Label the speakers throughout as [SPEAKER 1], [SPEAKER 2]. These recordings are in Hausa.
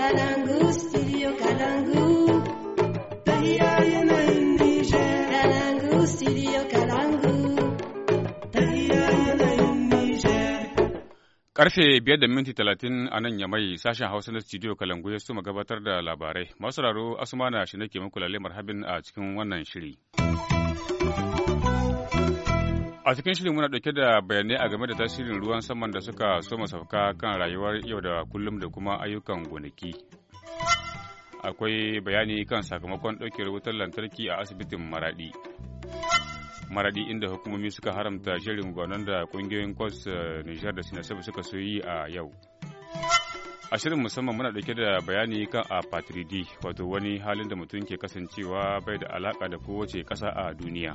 [SPEAKER 1] Kalangu, studio Kalangu.
[SPEAKER 2] Karfe biyar da minti talatin a nan yamai sashen Hausa na studio Kalangu ya suma gabatar da labarai. Masu raro na shi nake muku lalle marhabin a cikin wannan shiri. A cikin shirin muna dauke da bayanai a game da tasirin ruwan saman da suka soma sauka kan rayuwar yau da kullum da kuma ayyukan gonaki. Akwai bayani kan sakamakon ɗaukewar wutar lantarki a asibitin Maraɗi. Maraɗi inda hukumomi suka haramta shirin gwanon da ƙungiyoyin kwas eh, Nijar da Sinasab suka so yi a yau. A shirin musamman muna dauke da bayani kan a Patridi wato wani halin da mutum ke kasancewa bai da alaƙa da kowace ƙasa a duniya.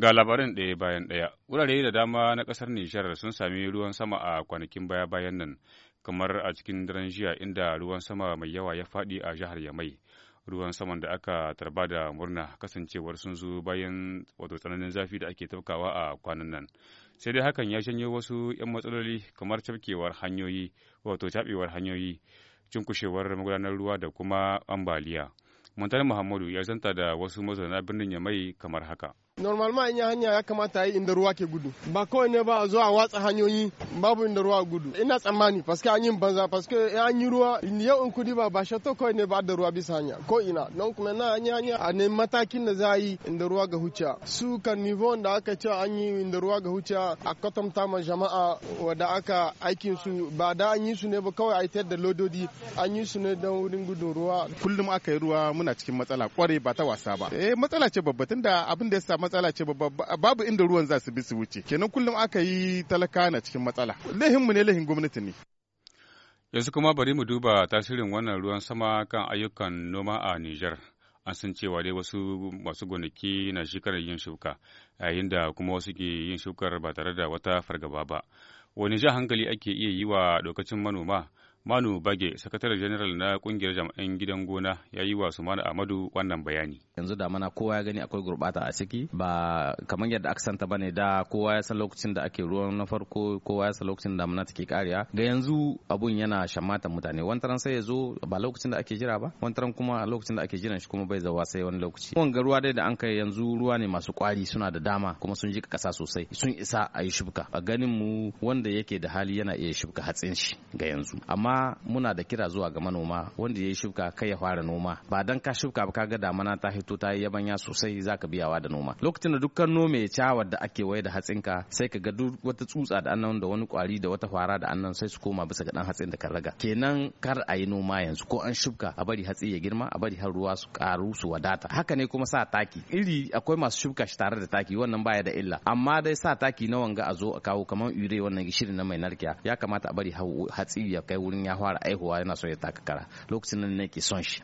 [SPEAKER 2] Ga labarin ɗaya bayan ɗaya, wurare da dama na ƙasar Nijar sun sami ruwan sama a kwanakin baya-bayan nan, kamar a cikin daren jiya inda ruwan sama mai yawa ya faɗi a jihar Yamai. Ruwan saman da aka tarba da murna kasancewar sun zo bayan wato tsananin zafi da ake tafkawa a kwanan nan. Sai dai hakan ya janyo wasu 'yan matsaloli kamar cafkewar hanyoyi, wato cabewar hanyoyi, cunkushewar magudanar ruwa da kuma ambaliya. Muntar Muhammadu ya zanta da wasu mazauna birnin mai kamar haka.
[SPEAKER 3] normalma in ya hanya ya kamata yi inda ruwa ke gudu ba kawai ne ba a zo watsa hanyoyi babu inda ruwa gudu ina tsammani paske an yi banza paske an yi ruwa yau in kudi ba ba shato kawai ne ba da ruwa bisa hanya ko ina don kuma na hanya hanya a ne matakin da za yi inda ruwa ga huca su kan nivo da aka ce an yi inda ruwa ga huca a kwatanta ma jama'a wadda aka aikin su ba da an yi su ne ba kawai a yi da lododi an yi su ne don wurin gudun ruwa kullum aka yi ruwa muna cikin matsala kware ba ta wasa ba eh matsala ce babba tunda abin da ya samu matsala ce babu inda ruwan za su bi su wuce kenan kullum aka yi talaka na cikin matsala mu ne lahin gwamnati ne
[SPEAKER 2] yanzu kuma bari mu duba tasirin wannan ruwan sama kan ayyukan noma a Nijar. an san cewa dai wasu masu gonaki na shekarar yin shuka yayin da kuma wasu ke yin shukar ba tare da wata fargaba ba wani ja hankali ake iya yi wa lokacin manoma manu bage sakataren general na kungiyar jami'an gidan gona ya yi wa sumana amadu wannan bayani
[SPEAKER 3] yanzu damana kowa ya gani akwai gurbata a ciki ba kamar yadda aka santa bane da kowa ya san lokacin da ake ruwan na farko kowa ya san lokacin damana take kariya ga yanzu abun yana shamata mutane wantaran sai ya zo ba lokacin da ake jira ba wantaran kuma a lokacin da ake jiran shi kuma bai zawa sai wani lokaci wanga ruwa dai da an kai yanzu ruwa ne masu kwari suna da dama kuma sun jika kasa sosai sun isa a yi a ganin mu wanda yake da hali yana iya shubka hatsin shi ga yanzu amma muna da kira zuwa ga manoma wanda ya yi kai ya fara noma ba dan ka shubka ba kaga damana ta hito fito ta yi yabanya sosai za ka biyawa da noma lokacin da dukkan nome cawa da ake waye da hatsinka sai ka ga duk wata tsutsa da annan da wani kwari da wata fara da annan sai su koma bisa ga dan hatsin da ka raga kenan kar a yi noma yanzu ko an shubka a bari hatsi ya girma a bari har ruwa su karu su wadata haka ne kuma sa taki iri akwai masu shubka shi tare da taki wannan baya da illa amma dai sa taki na wanga a zo a kawo kamar ure wannan gishirin na mai narkiya ya kamata a bari hatsi ya kai wurin ya fara aihuwa yana so ya taka kara lokacin nan ne ke son shi.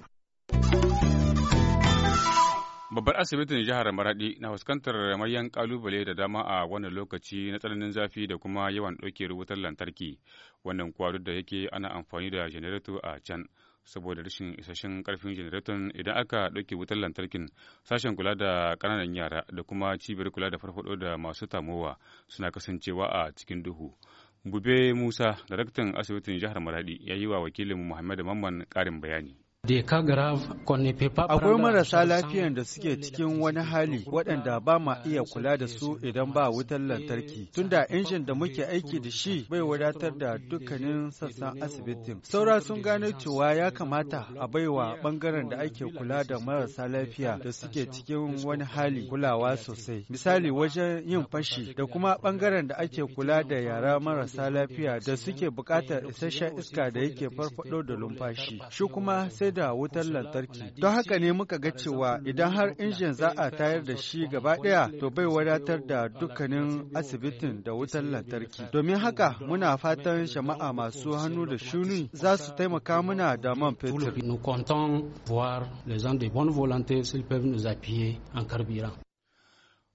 [SPEAKER 2] Babbar asibitin jihar Maradi na fuskantar mayan kalubale da dama a wannan lokaci na tsananin zafi da kuma yawan ɗauke wutar lantarki. Wannan kuwa da yake ana amfani da janareto a can saboda rashin isasshen karfin janareton idan aka ɗauke wutar lantarkin sashen kula da ƙananan yara da kuma cibiyar kula da farfaɗo da masu tamowa suna kasancewa a cikin duhu. Bube Musa, daraktan asibitin jihar Maradi, ya yi wa wakilin muhammadu Mamman karin bayani.
[SPEAKER 1] Akwai marasa lafiyan da suke cikin wani hali waɗanda ba ma iya kula da su idan ba wutar lantarki. Tunda injin da muke aiki da shi bai wadatar da dukkanin sassan asibitin. Saura sun gano cewa ya kamata a baiwa ɓangaren da ake kula da marasa lafiya da suke cikin wani hali kulawa sosai. Misali wajen yin fashi da kuma ɓangaren da ake kula da yara marasa lafiya da suke buƙatar isasshen iska da yake farfaɗo da numfashi. Shi kuma sai da wutar lantarki. Don haka ne muka ga cewa idan har injin za a tayar da shi gaba ɗaya to bai wadatar da dukkanin asibitin da wutar lantarki. Domin haka muna fatan shama'a masu hannu da shuni za su taimaka muna da man fetur.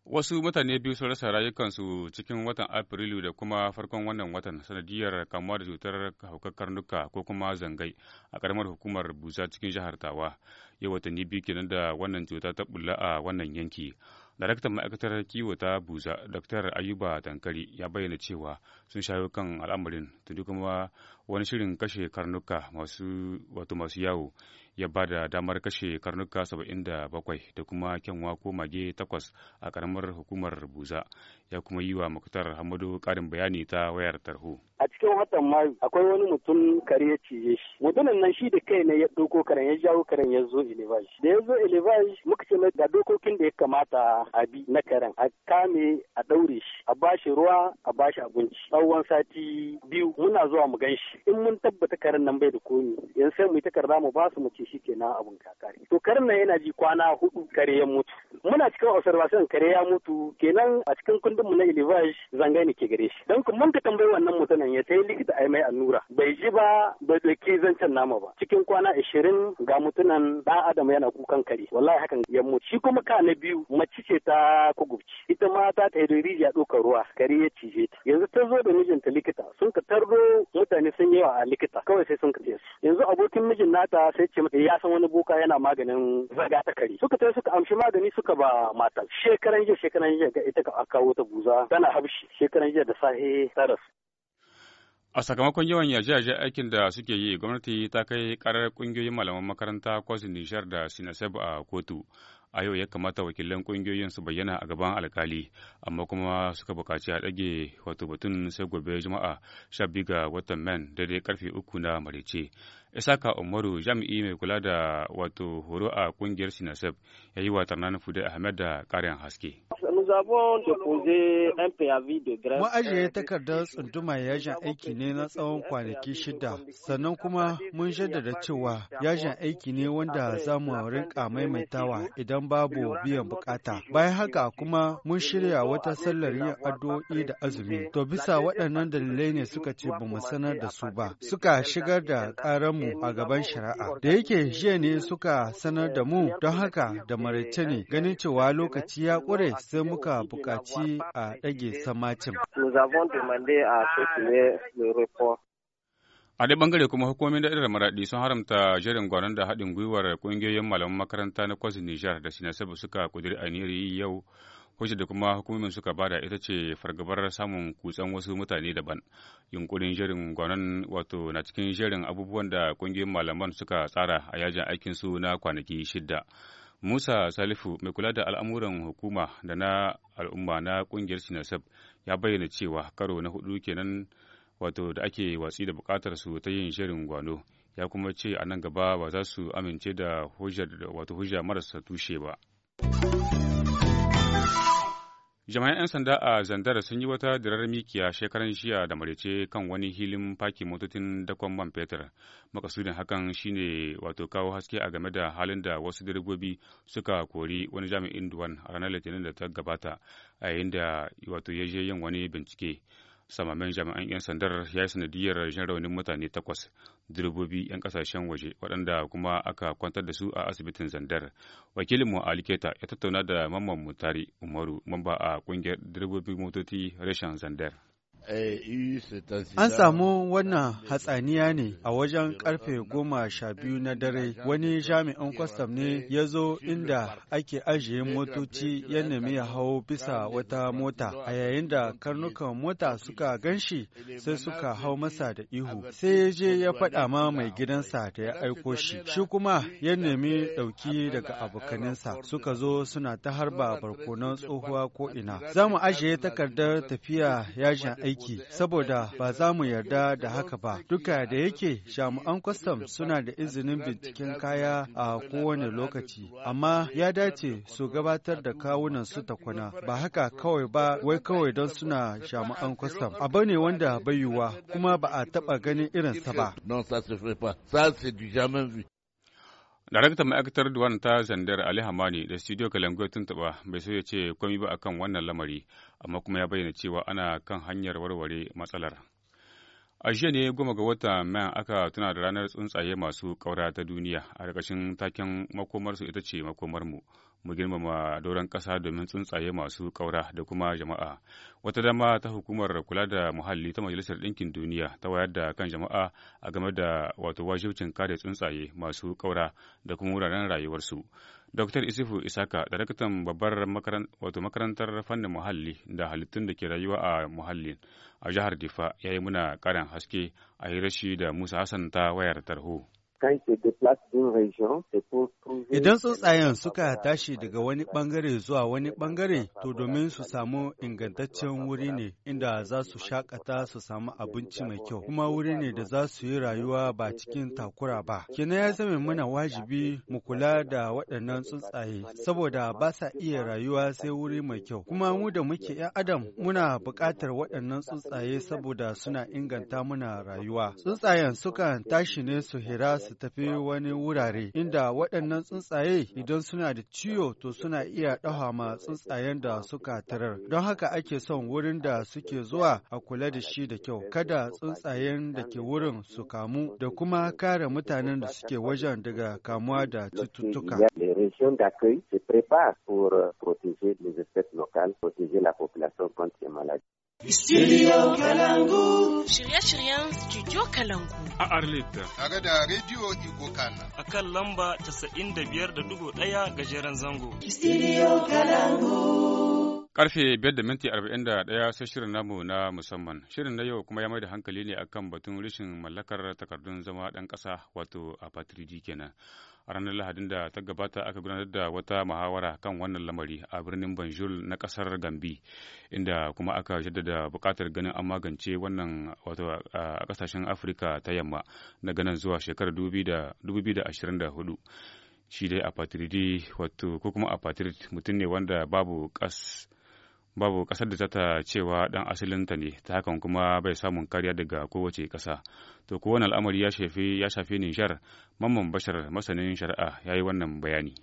[SPEAKER 2] Wasu mutane biyu sun rasa rayukansu cikin watan Afrilu da kuma farkon wannan watan sanadiyar kamuwa da cutar haukar karnuka ko kuma zangai a karamar hukumar Busa cikin jihar Tawa. Yau watanni biyu kenan da wannan cuta ta bulla a wannan yanki. Daraktan ma'aikatar kiwo ta Busa, Dr. Ayuba Tankari ya bayyana cewa sun shayo kan al'amarin tuni kuma wani shirin kashe karnuka masu wato masu yawo ya ba da damar kashe karnuka 77 da kuma kyanwa ko mage takwas a karamar hukumar buza ya kuma yi wa muktar hamadu karin bayani ta wayar tarho
[SPEAKER 4] a cikin watan mayu akwai wani mutum kare ya cije shi mutumin nan shi da kai ne ya doko karen ya jawo karen ya zo elevage da ya zo elevage muka ce ga dokokin da ya kamata a bi na karen a kame a daure shi a bashi ruwa a bashi abinci tsawon sati biyu muna zuwa mu gan shi in mun tabbata karen nan bai da komi yanzu sai mu yi takarda mu ba su mu ce shi ke na abun kakari to karin nan yana ji kwana hudu kare ya mutu muna cikin observation kare ya mutu kenan a cikin kundin mu na Ilivaj zanga ne ke gare shi don kuma ka tambayi wannan mutumin ya tayi likita ai mai annura bai ji ba bai dauki zancen nama ba cikin kwana ishirin ga mutunan da adam yana kukan kare wallahi hakan ya mutu shi kuma ka na biyu mace ce ta kugubci ita ma ta ta rijiya doka ruwa kare ya cije ta yanzu ta zo da mijinta likita sun ka tarro mutane sun yawa a likita kawai sai sun ka yanzu abokin mijin nata sai ce mata Eh, ya san wani boka yana maganin zaga ta kare suka tafi suka amshi magani suka ba matar shekaran jiya shekaran jiya ga ita ka kawo ta buza tana habshi shekaran jiya da sahe ta rasu
[SPEAKER 2] A sakamakon yawan yaje-yaje aikin da suke yi, gwamnati ta kai karar kungiyoyin malaman makaranta kwasin nishar da Sinaseb a kotu. a yau ya kamata wakilan kungiyoyin su bayyana a gaban alkali amma kuma suka bukaci a dage wato batun sai gobe juma'a sha biyu ga watan man daidai karfe uku na marice isaka umaru jami'i mai kula da wato horo a kungiyar sinasef ya yi watan tarnan fude ahmed da ƙarin haske
[SPEAKER 1] Ma'ajiye takardar tsunduma yajin aiki ne na tsawon kwanaki shida, sannan kuma mun jaddada cewa yajin aiki ne wanda za mu rinka maimaitawa idan babu biyan bukata. Bayan haka kuma mun shirya wata sallar yin addu'o'i da azumi. To bisa waɗannan dalilai ne suka ce ba mu sanar da su ba, suka shigar da ƙaranmu a gaban shari'a. Da yake jiya ne suka sanar da mu don haka da maraice ne ganin cewa lokaci ya ƙure sai muka muka buƙaci a ɗage samacin.
[SPEAKER 2] A dai bangare kuma hukumomin irin maraɗi sun haramta jerin gwanon da haɗin gwiwar ƙungiyoyin malaman makaranta na kwasin Nijar da Sinasabu suka ƙudiri a yi yau hujjar da kuma hukumomin suka bada ita ce fargabar samun kutsan wasu mutane daban yunkurin jerin gwanon wato na cikin jerin abubuwan da ƙungiyoyin malaman suka tsara a yajin aikin su na kwanaki shida Musa Salifu mai kula da al'amuran hukuma da na al'umma na kungiyar Sinasab ya bayyana cewa karo na hudu kenan wato da ake watsi da bukatar su ta yin shirin gwano ya kuma ce a nan gaba ba za su amince da hujjar wato hujja marasa tushe ba. jama'an 'yan sanda a zandar sun yi wata dirar mikiya shekaran jiya da marece kan wani hilin faki motocin dakon man fetur makasudin hakan shine wato kawo haske a game da halin da wasu direbobi suka kori wani jami'in duwan a ranar litinin da ta gabata a yayin da wato ya je yin wani bincike samamin jami'an 'yan sandar ya yi sanadiyar jin raunin mutane takwas direbobi 'yan kasashen waje waɗanda kuma aka kwantar da su a asibitin zandar wakilinmu aliketa ya tattauna da mamman mutari umaru mamba a ƙungiyar direbobi motoci reshen zandar Eh, An samu
[SPEAKER 1] wannan hatsaniya ne a wajen karfe goma sha biyu na dare wani jami'in kwastam ne ya zo inda ake ajiye motoci ya nemi ya hau bisa wata mota a yayin da karnukan mota suka ganshi sai suka hau masa da ihu sai ya je ya faɗa ma mai gidansa da ya aiko shi shi kuma ya nemi ɗauki daga abokaninsa suka zo suna ta harba barkonan tsohuwa ko'ina, ina za mu ajiye takardar tafiya yajin aiki aiki saboda ba za mu yarda da haka ba. Duka da yake jami'an kwastam suna da izinin binciken kaya a kowane lokaci, amma ya dace su gabatar da kawunan su takwana ba haka kawai ba wai kawai don suna jami'an kwastam. Abu ne wanda bai yiwuwa kuma ba a taɓa ganin irinsa ba.
[SPEAKER 2] Daraktan ma'aikatar Duwan ta Zandar Ali Hamani da Studio Kalango tun taɓa bai so ya ce komi ba akan wannan lamari, amma kuma ya bayyana cewa ana kan hanyar warware matsalar. A jiya ne goma ga wata mai aka tuna da ranar tsuntsaye masu ƙaura ta duniya a ƙarƙashin taken makomarsu ita ce makomarmu. mu girmama doron ƙasa domin tsuntsaye masu ƙaura da kuma jama'a. Wata dama ta hukumar kula da muhalli ta Majalisar Ɗinkin Duniya ta wayar da kan jama'a a game da wato wajibcin kare tsuntsaye masu ƙaura da kuma wuraren rayuwarsu. Dr. Isifu Isaka, daraktan babbar wato makarantar fannin muhalli da halittun da ke rayuwa a muhallin a jihar Difa ya yi muna ƙarin haske a hirashi da Musa Hassan ta wayar tarho.
[SPEAKER 1] Idan tsuntsayen suka tashi daga wani bangare zuwa wani bangare, to domin su samu ingantaccen wuri ne inda za su shakata su samu abinci mai kyau, kuma wuri ne da za su yi rayuwa ba cikin takura ba. Kina ya zame mana wajibi mu kula da waɗannan tsuntsaye, saboda ba sa iya rayuwa sai wuri mai kyau. Kuma mu da muke 'yan adam muna buƙatar waɗannan tsuntsaye saboda suna inganta muna rayuwa. Tsuntsayen sukan tashi ne su hira su tafi wani wurare inda waɗannan tsuntsaye idan suna da ciwo to suna iya ɗaha ma tsuntsayen da suka tarar. Don haka ake son wurin da suke zuwa a kula da shi da kyau. Kada tsuntsayen da ke wurin su kamu da kuma kare mutanen da suke wajen daga kamuwa da cututtuka.
[SPEAKER 4] Studio Kalangu.
[SPEAKER 3] Shirye-shiryen Studio Kalangu. A Arlita. Tare da Radio Kana. A kan lamba 95.1 gajeren zango. Studio
[SPEAKER 1] Kalangu.
[SPEAKER 2] Karfe biyar da minti arba'in da ɗaya sai shirin namu na musamman. Shirin na yau kuma ya mai da hankali ne akan batun rashin mallakar takardun zama ɗan ƙasa wato a patriji kenan. A ranar Lahadin da ta gabata aka gudanar da wata muhawara kan wannan lamari a birnin Banjul na kasar Gambi inda kuma aka jaddada buƙatar ganin an magance wannan wato a ƙasashen Afirka ta yamma na ganin zuwa shekarar 2024. shi dai a wato ko kuma a patrid mutum ne wanda babu kas babu ƙasar da ta cewa ɗan asalinta ne ta hakan kuma bai samun kariya daga kowace ƙasa to kowane al'amari ya shafi ya shafi Nijar mamman bashar masanin shari'a ya yi wannan bayani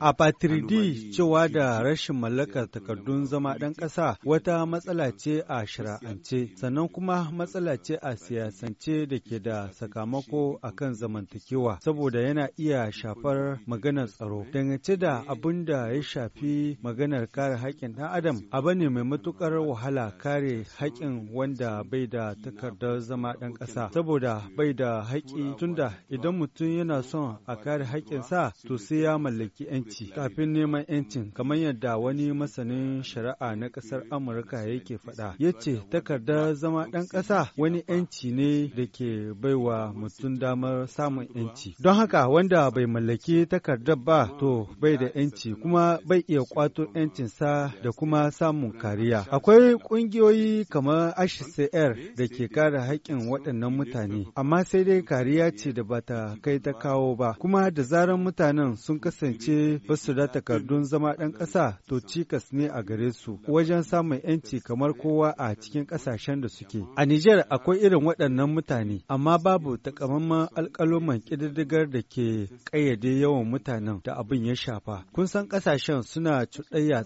[SPEAKER 1] A Patridi cewa da rashin mallakar takardun zama ɗan ƙasa wata matsala ce a shari'ance sannan kuma matsala ce a siyasance da ke da sakamako a kan zamantakewa saboda yana iya shafar maganar tsaro. Dangance da abin da ya shafi maganar kare haƙƙin ɗan adam abu ne mai matuƙar wahala kare haƙƙin wanda bai da takardar zama ɗan ƙasa saboda bai da haƙƙi tunda idan mutum yana son a kare haƙƙin sa to sai ya mallaki 'yanci kafin neman 'yancin kamar yadda wani masanin shari'a na ƙasar Amurka yake faɗa. Ya ce takardar zama ɗan ƙasa wani 'yanci ne da ke baiwa mutum damar samun 'yanci. Don haka wanda bai mallaki takardar ba to bai da 'yanci kuma bai iya kwato 'yancinsa da kuma samun kariya. Akwai ƙungiyoyi kamar HCR da ke kare haƙƙin waɗannan mutane, amma sai dai kariya ce da ba ta kai ta kawo ba, kuma da zarar waɗannan mutanen sun kasance ba da takardun zama ɗan ƙasa to cikas ne a gare su wajen samun 'yanci kamar kowa a cikin ƙasashen da suke. A Nijar akwai irin waɗannan mutane, amma babu takamaiman alƙaluman ƙididdigar da ke ƙayyade yawan mutanen da abin ya shafa. Kun san ƙasashen suna cuɗayya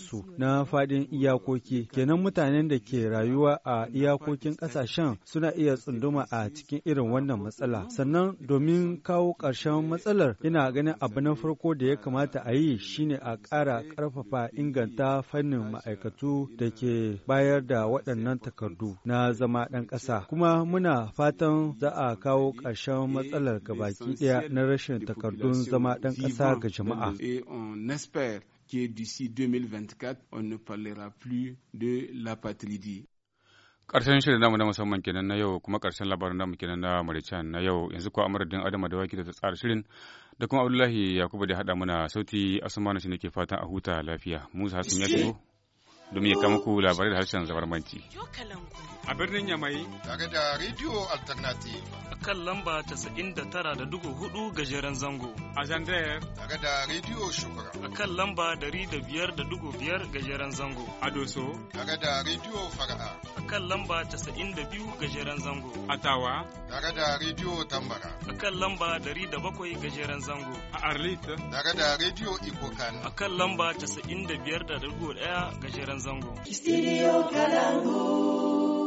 [SPEAKER 1] su na faɗin iyakoki, kenan mutanen da ke rayuwa a iyakokin ƙasashen suna iya tsunduma a cikin irin wannan matsala. Sannan domin kawo ƙarshen matsalar ina ganin abu na farko da ya kamata a yi shine a ƙara ƙarfafa inganta fannin ma'aikatu da ke bayar da waɗannan takardu na zama ɗan ƙasa kuma muna fatan za a kawo ƙarshen matsalar gabaki ɗaya na rashin takardun zama ɗan ƙasa ga jama'a
[SPEAKER 2] karshen shirin namu na musamman kenan na yau kuma karshen labarin namu kenan na Mauritian na yau yanzu kuwa amuradin Adama da waki da ta tsara shirin da kuma abdullahi yakubu da haɗa mana sauti asmanu shi nake fatan a huta lafiya musa hassan ya shigo domin ya kama ku labarai da harshen zabarmanci
[SPEAKER 1] a birnin yamai tare da radio alternative a kan lamba
[SPEAKER 3] tara da dugu hudu gajeren zango a zandayar
[SPEAKER 1] tare da radio shukura a kan
[SPEAKER 3] lamba dari da biyar da dugu biyar gajeren zango a doso tare da radio fara'a kan lamba 92 gajeren zango. A Tawa. Daga da Radio Tambara. A kan lamba 107 gajeren zango. A Arlita. Daga da Radio Ikokan. A kan lamba 95.1 gajeren zango. Studio
[SPEAKER 1] Kalangu.